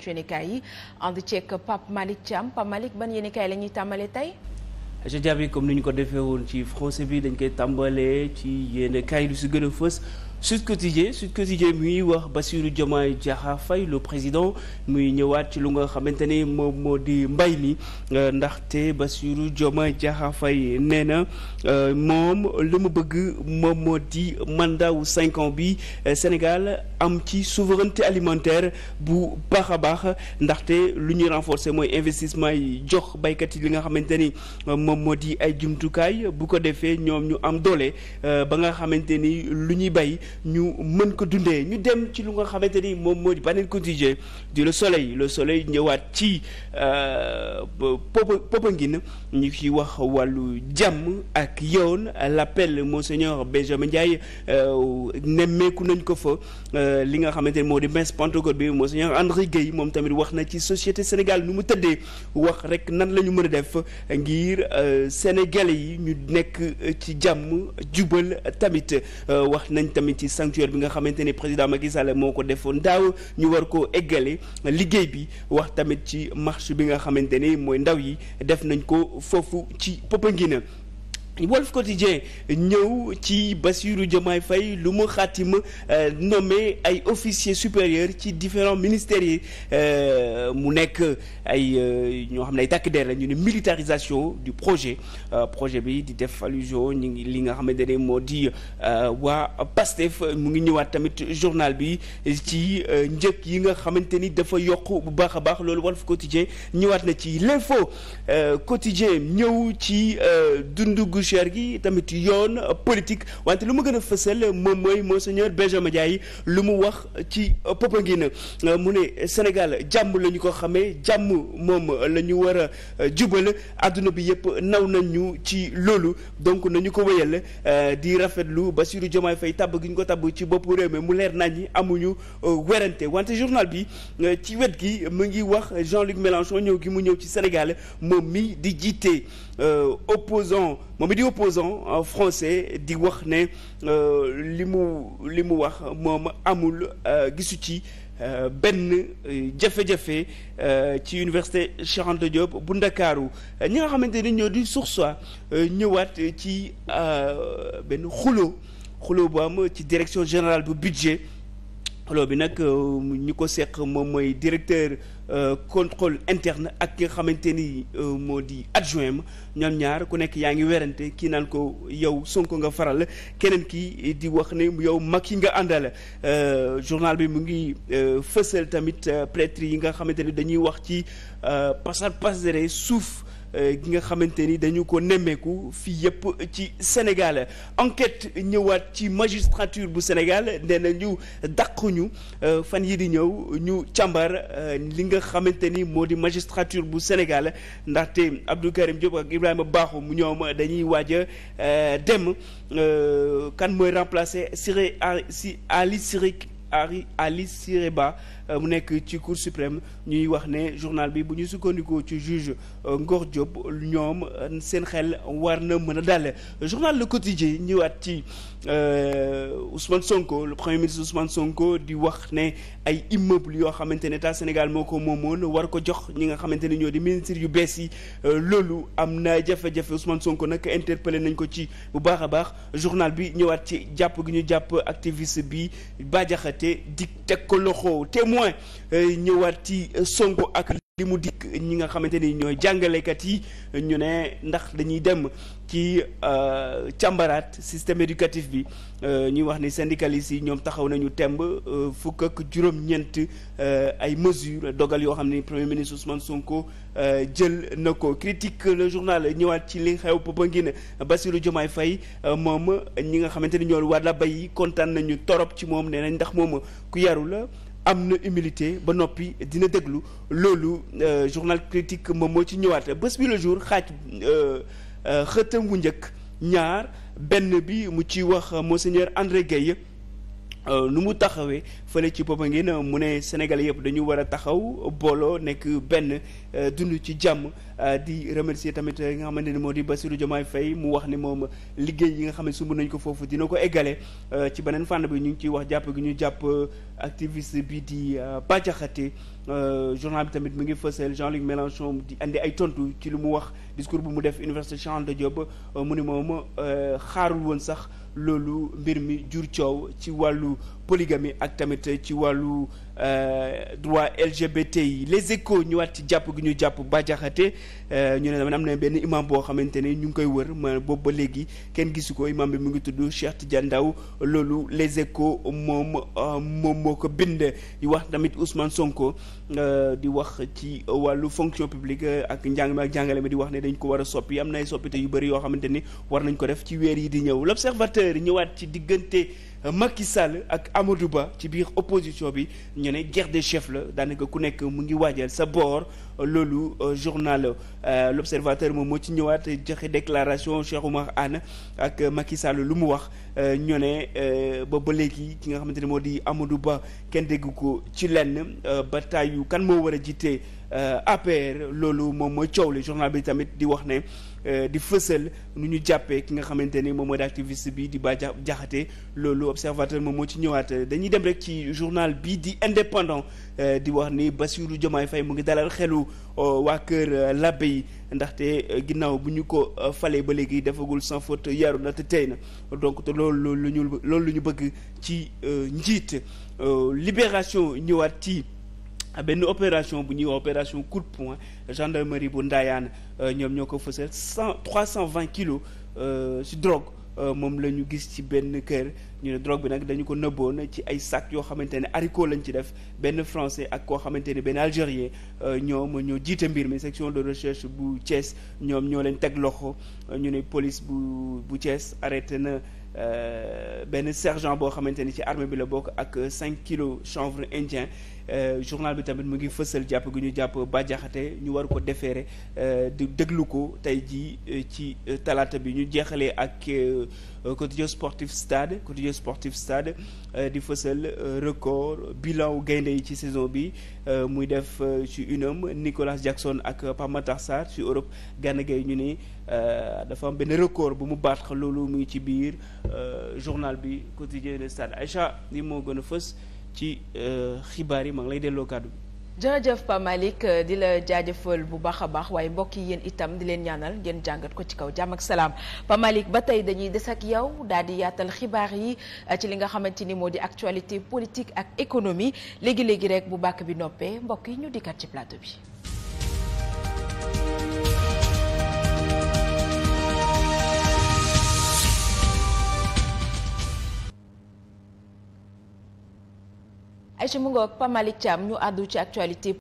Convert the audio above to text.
yéenekaay yi ànd ceeg Pape Malick Thiam Pape Malick ban yéenekaay la ñuy tàmbalee tey. je dirais comme ni ñu ko defee woon ci français bi dañ koy tàmbalee ci yéenekaay lu si gën a fës. Sud Quotidien Sud Quotidien muy wax Bassirou Diomaye Diakhar Faye le président muy ñëwaat ci lu nga xamante ni moom moo di mbay mi euh, ndaxte Bassirou Diomaye Diakhar Faye nee na euh, moom li mu bëgg moom moo di mandat wu cinq ans bi euh, Sénégal am ci souveraineté alimentaire bu baax a baax ndaxte lu ñuy renforcer mooy investissement yi jox baykat yi li nga xamante ni moom moo di ay jumtukaay bu ko defee ñoom ñu am doole ba nga xamante ni lu ñuy bay ñu mën ko dundee ñu dem ci lu nga xamante ni moom moo di beneen quotidien di le soleil le soleil ñëwaat ci euh, Popenguine ñu ci wax wàllu jàmm ak yoon l'appel monseigneur Benjamin Ndiaye euh, nemmeeku nañ ko fa euh, li nga xamante ni moo di messe Pentecôte bi monseigneur André yi moom tamit wax na ci société Sénégal nu mu tëddee wax rek nan lañu mën a def ngir Sénégalais yi ñu nekk ci jàmm jubal tamit wax nañ tamit ci sanctuaire bi nga xamante ne président Macky Sall moo ko defoon daaw ñu war koo eggalee liggéey bi wax tamit ci marche bi nga xamante ne mooy ndaw yi def nañ ko foofu ci Popenguine Walf Quotidien ñëw ci Bassirou Diomaye fay lu mu xaatima euh, nommé ay officiers supérieurs ci différents ministères yi euh, mu nekk ay euh, ñoo xam ne ay tàkk der la ñu ne militarisation du projet projet bi di def allusion ñu ngi li nga xamante ne moo di waa PASTEF mu ngi ñëwaat tamit journal bi ci njëkk yi nga xamante ni dafa yokk bu baax a baax loolu Walf Quotidien ñëwaat na ci l'info quotidien ñëw ci dundu bu cher gi tamit yoon politique wante lu mu gën a fësal moom mooy monseigneur Benjamin Ndiaye lu mu wax ci Popenguine mu ne Sénégal jàmm la ñu ko xamee jàmm moom la ñu war a jubal àdduna bi yëpp naw nañ ñu ci loolu donc nañu ko wéyal euh, di rafetlu Bassirou Diomaye Faye tabb gi ñu ko tabb ci boppu réew mi mu leer nañ ñi amuñu euh, werante wante journal bi euh, ci wet gi mu ngi wax Jean-Luc Mélenchon ñëw gi mu ñëw ci Sénégal moom mi di jiite opposant moom bi di opposant euh, français di wax ne euh, li mu li mu wax moom amul euh, gisu ci benn jafe-jafe ci université Cheikh Anta Diop bu Ndakaaru ñi nga xamante ni ñoo di source ñëwaat ci benn xuloo xuloo bu am ci direction générale bu budget loo bi nag euh, ñi ko seq moom mooy directeur euh, contrôle interne ak ki nga xamante ni euh, moo di adjoint ma ñoom ñaar ku nekk yaa ngi werante kii naan ko yow Sonko nga faral keneen kii di wax ne yow yi nga àndal journal bi mu ngi fësal tamit prêtre yi nga xamante ni dañuy wax ci pasar pasare suuf Euh, gi nga xamante ni dañu ko nemmeeku fii yëpp ci Sénégal enquête ñëwaat ci magistrature bu Sénégal nee ñu dàq ñu euh, fan yi di ñëw ñu càmbar euh, li nga xamante ni moo di magistrature bu Sénégal ndaxte Abdou Karim Diop ak Ibrahima Bakhoum ñoom dañuy waaj a dem kan mooy remplacer Siré si Ali Siré Ali Siré Ba Euh, mu nekk ci cour suprême ñuy wax ne journal bi bu ñu sukkandikoo ci juge euh, Ngor Diop ñoom euh, seen xel war na mën a dal journal Le Quotidien ñëwaat ci Ousmane Sonko le premier ministre Ousmane Sonko di wax ne ay immeuble yoo xamante ne état Sénégal moo ko moomoon war ko jox ñi nga xamante ne ñoo di ministre yu bees yi loolu am na jafe-jafe Ousmane Sonko nag interpellé nañ ko ci bu baax a baax journal bi ñëwaat ci jàpp gi ñu jàpp activiste bi baajaxate di teg ko témoin euh, ñëwaat ci euh, Sonko ak li mu dikk ñi nga xamante ni ñooy jàngalekat yi ñu ne ndax dañuy dem ci euh, càmbaraat système éducatif bi ñuy wax ni syndicalistes yi ñoom taxaw nañu temb fukk ak juróom-ñeent ay mesures dogal yoo xam ne premier ministre Ousmane Sonko jël na ko critique le journal ñëwaat ci li xew Popenguine Bassirou Diomaye fay moom ñi nga xamante ni ñoo war la bay kontaan nañu torop ci moom nee nañ ndax moom ku yaru la am na humilité ba noppi dina déglu loolu euh, journal critique moom moo ci ñëwaat bés bi le jour xaaj euh, euh, xëtam wu njëkk ñaar benn bi mu ciy wax monseigneur André Guèye Euh, nu mu taxawee fële ci Popenguine euh, mu ne Sénégal yëpp dañu war a taxaw booloo nekk benn euh, dund ci jàmm di remercier tamit li nga xamante ni moo di Bassirou Diomaye Faye mu wax ni moom liggéey yi nga xam ne sumb nañ ko foofu dina ko eggale ci beneen fànn bi ñu ngi ciy wax jàpp gi ñu jàpp activiste bi di Bajaxate journal bi tamit mu ngi fësal Jean-Luc Mélenchon di andi ay tontu ci lu mu wax discours bu mu def Université Cheikh Anta Diop mu ni moom xaarul woon sax loolu mbir mi jur coow ci wàllu polygamie ak tamit ci wàllu Euh, droit LGBT yi les échos ñëwaat ci jàpp gi ñu jàpp ba jaxate euh, ñu ne dama am na benn imam boo xamante ne ñu ngi koy wër ma boobu ba léegi kenn gisu ko imam bi mu ngi tudd Cheikh Tidiane Ndao loolu les échos moom euh, moom moo ko bind di wax tamit Ousmane Sonko di wax ci wàllu fonction publique ak njàng mi ak jàngale mi di wax ne dañ ko war a soppi am na ay soppite yu bëri yoo xamante ni war nañ ko def ci weer yi di ñëw l'observateur ñëwaat ci diggante. Macky Sall ak Amadou Ba ci biir opposition bi ñu ne guerre des chefs la daanaka ku nekk mu ngi waajal sa boor loolu euh, journal euh, l'Observateur moom moo ci ñëwaat joxe déclaration Cheikh Oumar Anne ak Macky Sall lu mu wax euh, ñu ne ba ba léegi ki nga xamante ne moo di amadu Ba kenn dégg ko ci lenn bataayu kan moo war a jiite. Euh, APR loolu moom mooy coow li journal bi tamit di wax ne euh, di fësal nu ñu jàppee ki nga xamante ni moom mooy activiste bi di ba jaxate loolu observateur moom moo ci ñëwaat dañuy dem rek ci journal bi di indépendant euh, di wax ni Bassirou Diomaye fay mu ngi dalal xelu waa kër labbe yi ndaxte ginnaaw bu ñu ko falee ba léegi defagul sans faute yaru na te tey na donc te loolu lu ñu loolu lu ñu bëgg ci njiit libération ñëwaat ci Ah, benn opération bu ñuy opération coup point poing gendarmerie bu Ndayane euh, ñoom ñoo ko fësal cent trois cent vingt kilos euh, ci drogue euh, moom la ñu gis ci benn kër ñu ne drogue bi nag dañu ko nëbboon ci ay sac yoo xamante ne haricot lañ ci def benn français ak koo xamante ne benn algérien ñoom ñoo jiite mbir mi section de recherche bu Thiès ñoom ñoo leen teg loxo ñu ne police bu bu Thiès arrêté na. benn sergent boo xamante ni ci armée bi la bokk ak 5 kilos chanvre indien Euh, journal bi tamit mu ngi fësal jàpp gi ñu jàpp Bah ñu war ko defeere euh, di déglu ko tey jii euh, ci talaata bi ñu jeexalee ak quotidien sportif stade quotidien sportif stade di fësal record bilan gaynde yi ci saison bi muy def ci UNAM Nicolas Jackson ak Pape Matar Sarr ci Europe Gana Gueye ñu ne dafa benn record bu mu baat loolu mu ngi ci biir journal bi quotidien de stade Aïcha li moo gën a fës ci euh, xibaar yi maa ngi lay delloo kàddu bi jërëjëf Pa Malick euh, di la jaajëfal bu baax a baax waaye mbokk yi yéen itam di leen ñaanal ngeen jàngat ko ci kaw jàmm ak salaam Pa Malick ba tey dañuy des ak yow daal di yaatal xibaar yi euh, ci li nga xamante ni moo di actualité politique ak économie léegi léegi rek bu bàkk bi noppee mbokk yi ñu dikkat ci plateau bi. ay ci mu ngoog Pamali Thiam ñu àddu ci actualité